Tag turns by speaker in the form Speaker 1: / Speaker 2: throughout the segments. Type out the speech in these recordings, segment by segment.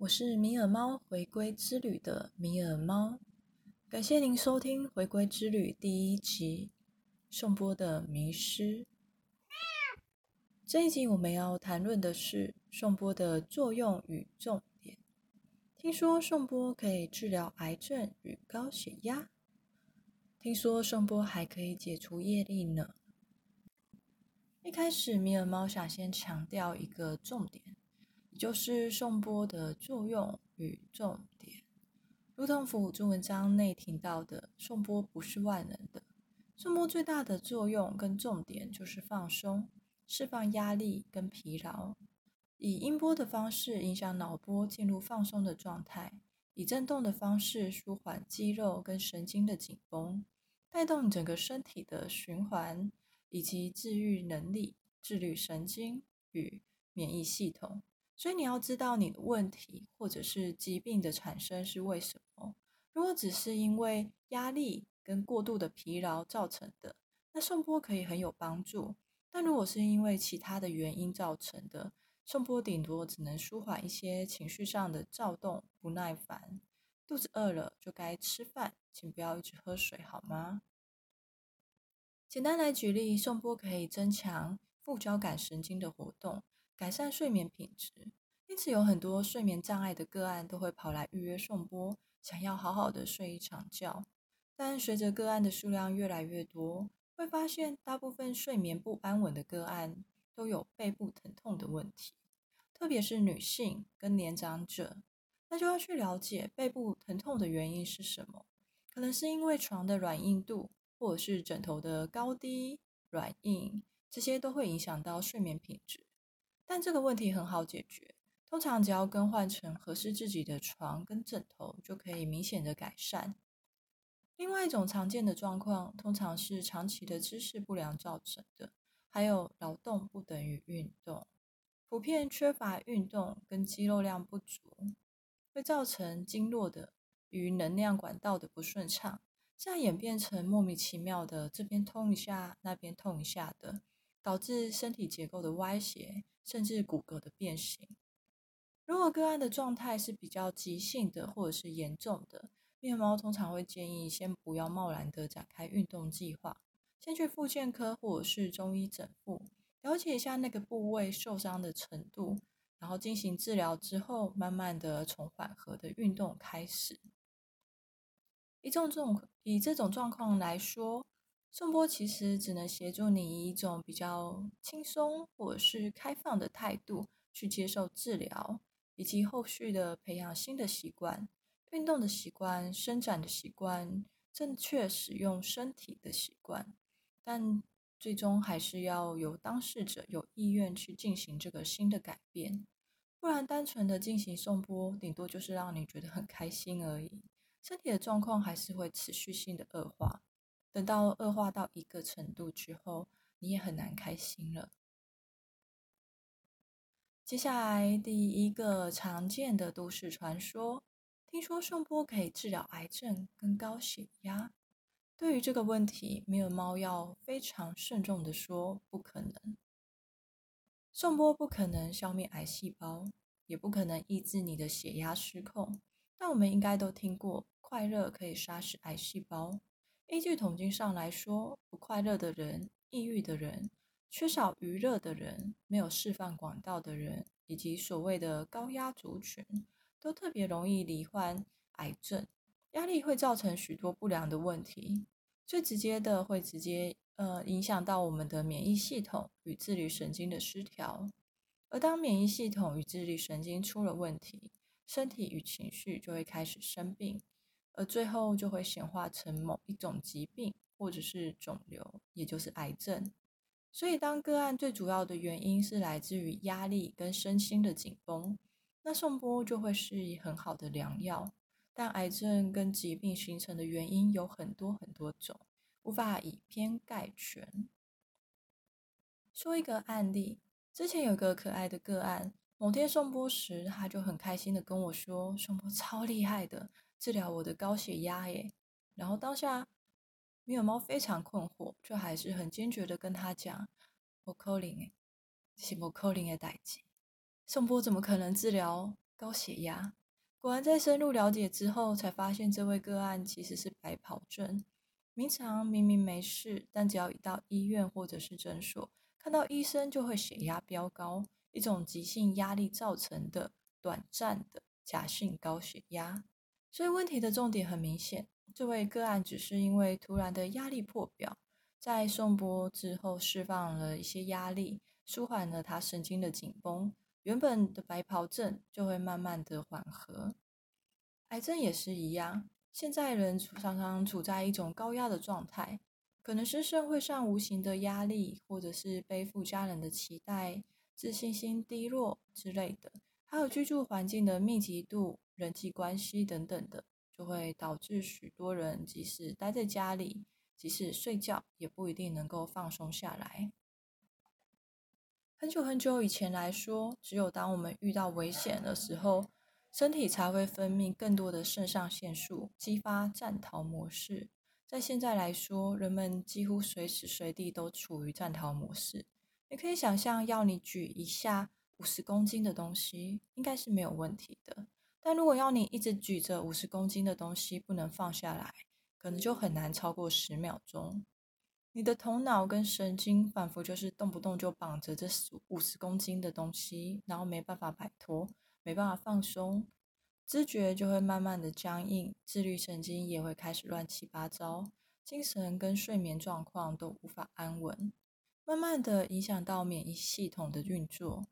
Speaker 1: 我是米爾貓回歸之旅的米爾貓，感謝您收聽回歸之旅第一集，頌缽的迷思。嗯、這一集我們要談論的是頌缽的作用與重點。聽說頌缽可以治療癌症與高血壓，聽說頌缽還可以解除業力呢。一開始，米爾貓想先強調一個重點。就是頌缽的作用與重點，如同輔助文章內提到的，頌缽不是萬能的。頌缽最大的作用跟重點就是放鬆、釋放壓力跟疲勞，以音波的方式影響腦波進入放鬆的狀態，以震動的方式舒緩肌肉跟神經的緊繃，帶動整個身體的循環以及治癒能力、自律神經與免疫系統。所以你要知道你的問題或者是疾病的產生是為什麼。如果只是因為壓力跟過度的疲勞造成的，那頌缽可以很有幫助。但如果是因為其他的原因造成的，頌缽頂多只能舒緩一些情緒上的躁動、不耐煩。肚子餓了就該吃飯，請不要一直喝水好嗎？簡單來舉例，頌缽可以增強副交感神經的活動。改善睡眠品質，因此有很多睡眠障礙的個案都會跑來預約頌缽，想要好好的睡一場覺。但隨着個案的數量越來越多，會發現大部分睡眠不安穩的個案都有背部疼痛的問題，特別是女性跟年長者，那就要去了解背部疼痛的原因是什麼。可能是因為床的軟硬度，或者是枕頭的高低、軟硬，這些都會影響到睡眠品質。但這個問題很好解決，通常只要更換成合適自己的床跟枕頭，就可以明顯的改善。另外一種常見的狀況，通常是長期的姿勢不良造成的，還有勞動不等於運動，普遍缺乏運動跟肌肉量不足，會造成經絡的與能量管道的不順暢，這樣演變成莫名其妙的這邊痛一下，那邊痛一下的。導致身體結構的歪斜，甚至骨骼的變形。如果個案的狀態是比較急性的，或者是嚴重的，米爾貓通常會建議先不要貿然的展開運動計劃，先去復健科或者是中醫整復，了解一下那個部位受傷的程度，然後進行治療之後，慢慢的從緩和的運動開始。以這種以這種狀況來說。頌缽其實只能協助你以一種比較輕鬆或者是開放的態度去接受治療，以及後續的培養新的習慣，運動的習慣、伸展的習慣、正確使用身體的習慣。但最終還是要由當事者有意願去進行這個新的改變，不然單純的進行頌缽，頂多就是讓你覺得很開心而已，身體的狀況還是會持續性的惡化。等到惡化到一個程度之後，你也很難開心了。接下來第一個常見的都市傳說，聽說頌缽可以治療癌症跟高血壓。對於這個問題，米爾貓要非常慎重的說，不可能。頌缽不可能消滅癌細胞，也不可能抑制你的血壓失控。但我們應該都聽過，快樂可以殺死癌細胞。依據統計上來說，不快樂的人、抑鬱的人、缺少娛樂的人、沒有釋放管道的人，以及所謂的高壓族群，都特別容易罹患癌症。壓力會造成許多不良的問題，最直接的會直接呃影響到我們的免疫系統與自律神經的失調。而當免疫系統與自律神經出了問題，身體與情緒就會開始生病。而最後就會顯化成某一種疾病，或者是腫瘤，也就是癌症。所以，當個案最主要的原因是來自於壓力跟身心的緊繃，那頌缽就會是一很好的良藥。但癌症跟疾病形成的原因有很多很多種，無法以偏概全。說一個案例，之前有一個可愛的個案，某天頌缽時，他就很開心的跟我說：“頌缽超厲害的。”治療我的高血壓耶，然後當下米爾貓非常困惑，就還是很堅決的跟他講：無可能，是無可能的代誌。頌缽怎麼可能治療高血壓？果然，在深入了解之後，才發現這位個案其實是白袍症。平常明明沒事，但只要一到醫院或者是診所，看到醫生就會血壓飆高，一種急性壓力造成的短暫的假性高血壓。所以問題的重點很明顯，這位個案只是因為突然的壓力破表，在頌缽之後釋放了一些壓力，舒緩了他神經的緊繃，原本的白袍症就會慢慢的緩和。癌症也是一樣，現在人常常處在一種高壓的狀態，可能是社會上無形的壓力，或者是背負家人的期待，自信心低落之類的，還有居住環境的密集度。人際關係等等的，就會導致許多人即使待在家裡，即使睡覺，也不一定能夠放鬆下來。很久很久以前來說，只有當我們遇到危險的時候，身體才會分泌更多的腎上腺素，激發戰逃模式。在現在來說，人們幾乎隨時隨地都處於戰逃模式。你可以想象，要你舉一下五十公斤的東西，應該是沒有問題的。但如果要你一直舉着五十公斤的東西不能放下來，可能就很難超過十秒鐘。你的頭腦跟神經仿佛就是動不動就綁着這五十公斤的東西，然後沒辦法擺脫，沒辦法放鬆，知覺就會慢慢的僵硬，自律神經也會開始亂七八糟，精神跟睡眠狀況都無法安穩，慢慢的影響到免疫系統的運作。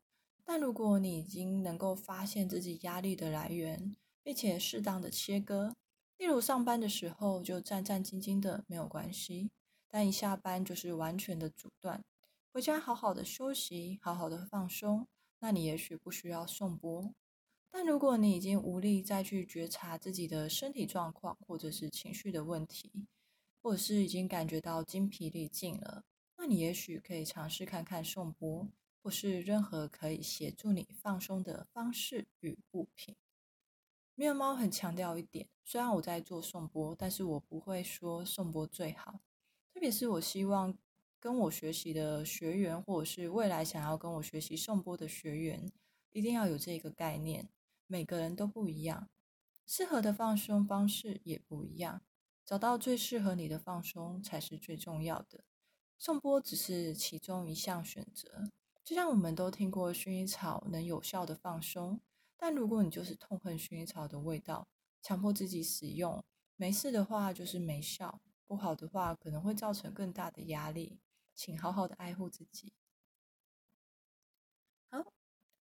Speaker 1: 但如果你已經能夠發現自己壓力的來源，並且適當的切割，例如上班的時候就戰戰兢兢的沒有關係，但一下班就是完全的阻斷，回家好好的休息，好好的放鬆，那你也許不需要頌缽。但如果你已經無力再去覺察自己的身體狀況，或者是情緒的問題，或者是已經感覺到筋疲力盡了，那你也許可以嘗試看看頌缽。或是任何可以協助你放鬆的方式與物品。米爾貓很強調一點：雖然我在做頌缽，但是我不會說頌缽最好。特別是我希望跟我學習的學員，或者是未來想要跟我學習頌缽的學員，一定要有這個概念：每個人都不一樣，適合的放鬆方式也不一樣。找到最適合你的放鬆才是最重要的。頌缽只是其中一項選擇。就像我們都聽過薰衣草能有效的放鬆，但如果你就是痛恨薰衣草的味道，強迫自己使用，沒事的話就是沒效，不好的話可能會造成更大的壓力，請好好的愛護自己。好，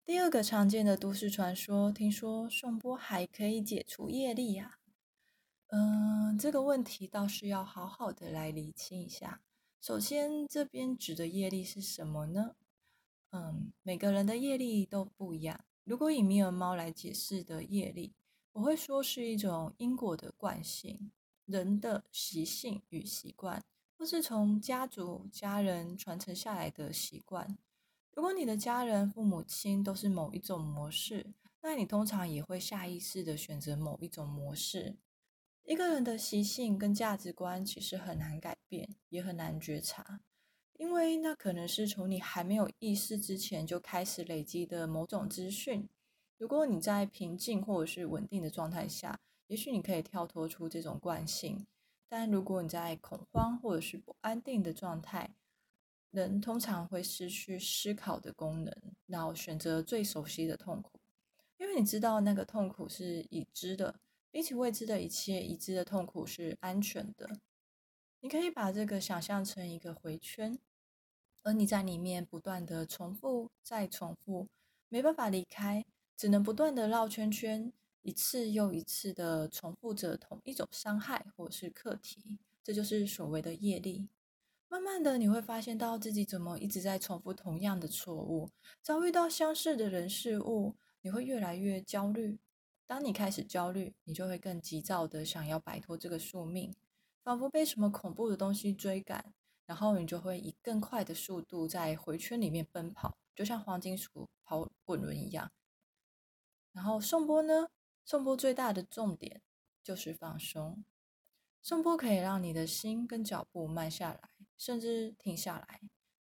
Speaker 1: 第二個常見的都市傳說，聽說頌缽還可以解除業力啊。嗯，這個問題倒是要好好的來釐清一下。首先，這邊指的業力是什麼呢？嗯，每個人的業力都不一樣。如果以米爾貓來解釋的業力，我會說是一種因果的慣性，人的習性與習慣，或是從家族、家人傳承下來的習慣。如果你的家人、父母親都是某一種模式，那你通常也會下意識的選擇某一種模式。一個人的習性跟價值觀其實很難改變，也很難覺察。因為那可能是從你還沒有意識之前就開始累積的某種資訊。如果你在平靜或者是穩定的狀態下，也許你可以跳脫出這種慣性。但如果你在恐慌或者是不安定的狀態，人通常會失去思考的功能，然後選擇最熟悉的痛苦，因為你知道那個痛苦是已知的，比起未知的一切，已知的痛苦是安全的。你可以把這個想象成一個迴圈，而你在裡面不斷的重複再重複，沒辦法離開，只能不斷的繞圈圈，一次又一次的重複着同一種傷害或者是課題，這就是所謂的業力。慢慢的你會發現到自己怎麼一直在重複同樣的錯誤，遭遇到相似的人事物，你會越來越焦慮。當你開始焦慮，你就會更急躁的想要擺脫這個宿命。仿佛被什麼恐怖的東西追趕，然後你就會以更快的速度在回圈裡面奔跑，就像黃金鼠跑滾輪一樣。然後頌缽呢？頌缽最大的重點就是放鬆，頌缽可以讓你的心跟腳步慢下來，甚至停下來，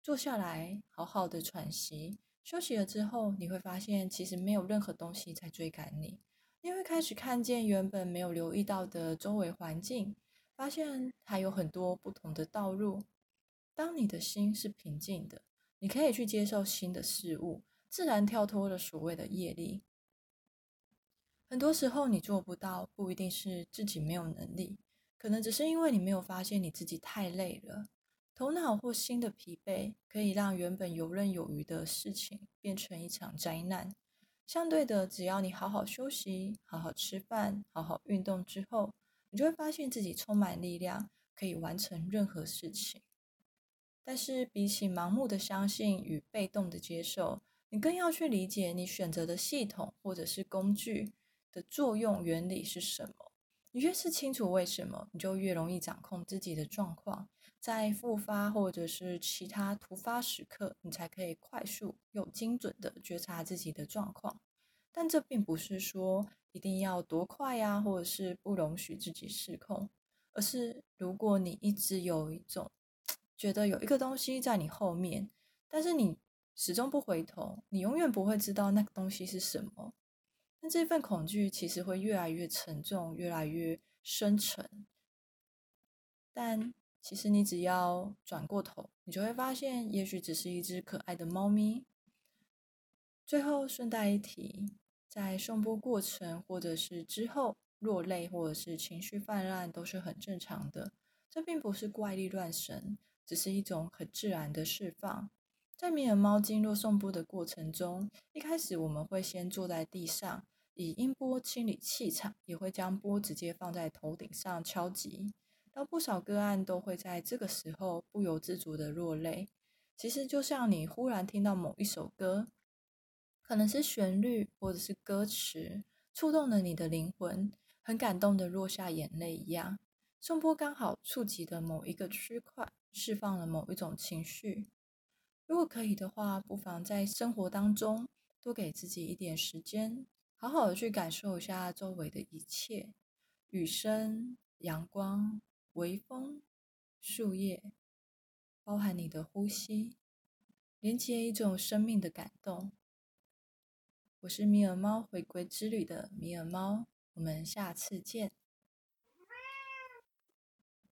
Speaker 1: 坐下來，好好的喘息。休息了之後，你會發現其實沒有任何東西在追趕你，你會開始看見原本沒有留意到的周圍環境。發現還有很多不同的道路。當你的心是平靜的，你可以去接受新的事物，自然跳脫了所謂的業力。很多時候你做不到，不一定是自己沒有能力，可能只是因為你沒有發現你自己太累了，頭腦或心的疲憊，可以讓原本游刃有餘的事情變成一場災難。相對的，只要你好好休息、好好吃飯、好好運動之後，你就會發現自己充滿力量，可以完成任何事情。但是比起盲目的相信與被動的接受，你更要去理解你選擇的系統或者是工具的作用原理是什麼。你越是清楚為什麼，你就越容易掌控自己的狀況。在復發或者是其他突發時刻，你才可以快速又精準的覺察自己的狀況。但這並不是說一定要多快呀，或者是不容許自己失控，而是如果你一直有一種覺得有一個東西在你後面，但是你始終不回頭，你永遠不會知道那個東西是什麼。那這份恐懼其實會越來越沉重，越來越深沉。但其實你只要轉過頭，你就會發現，也許只是一隻可愛的貓咪。最後順帶一提，在頌缽過程或者是之後落淚或者是情緒氾濫都是很正常的，這並不是怪力亂神，只是一種很自然的釋放。在米爾貓經絡頌缽的過程中，一開始我們會先坐在地上，以音波清理氣場，也會將缽直接放在頭頂上敲擊，當不少個案都會在這個時候不由自主的落淚。其實就像你忽然聽到某一首歌。可能是旋律或者是歌詞觸動了你的靈魂，很感動的落下眼淚一樣。頌缽剛好觸及的某一個區塊，釋放了某一種情緒。如果可以的話，不妨在生活當中多給自己一點時間，好好的去感受一下周圍的一切：雨聲、陽光、微風、樹葉，包含你的呼吸，連接一種生命的感動。我是米爾貓回歸之旅的米爾貓，我們下次見。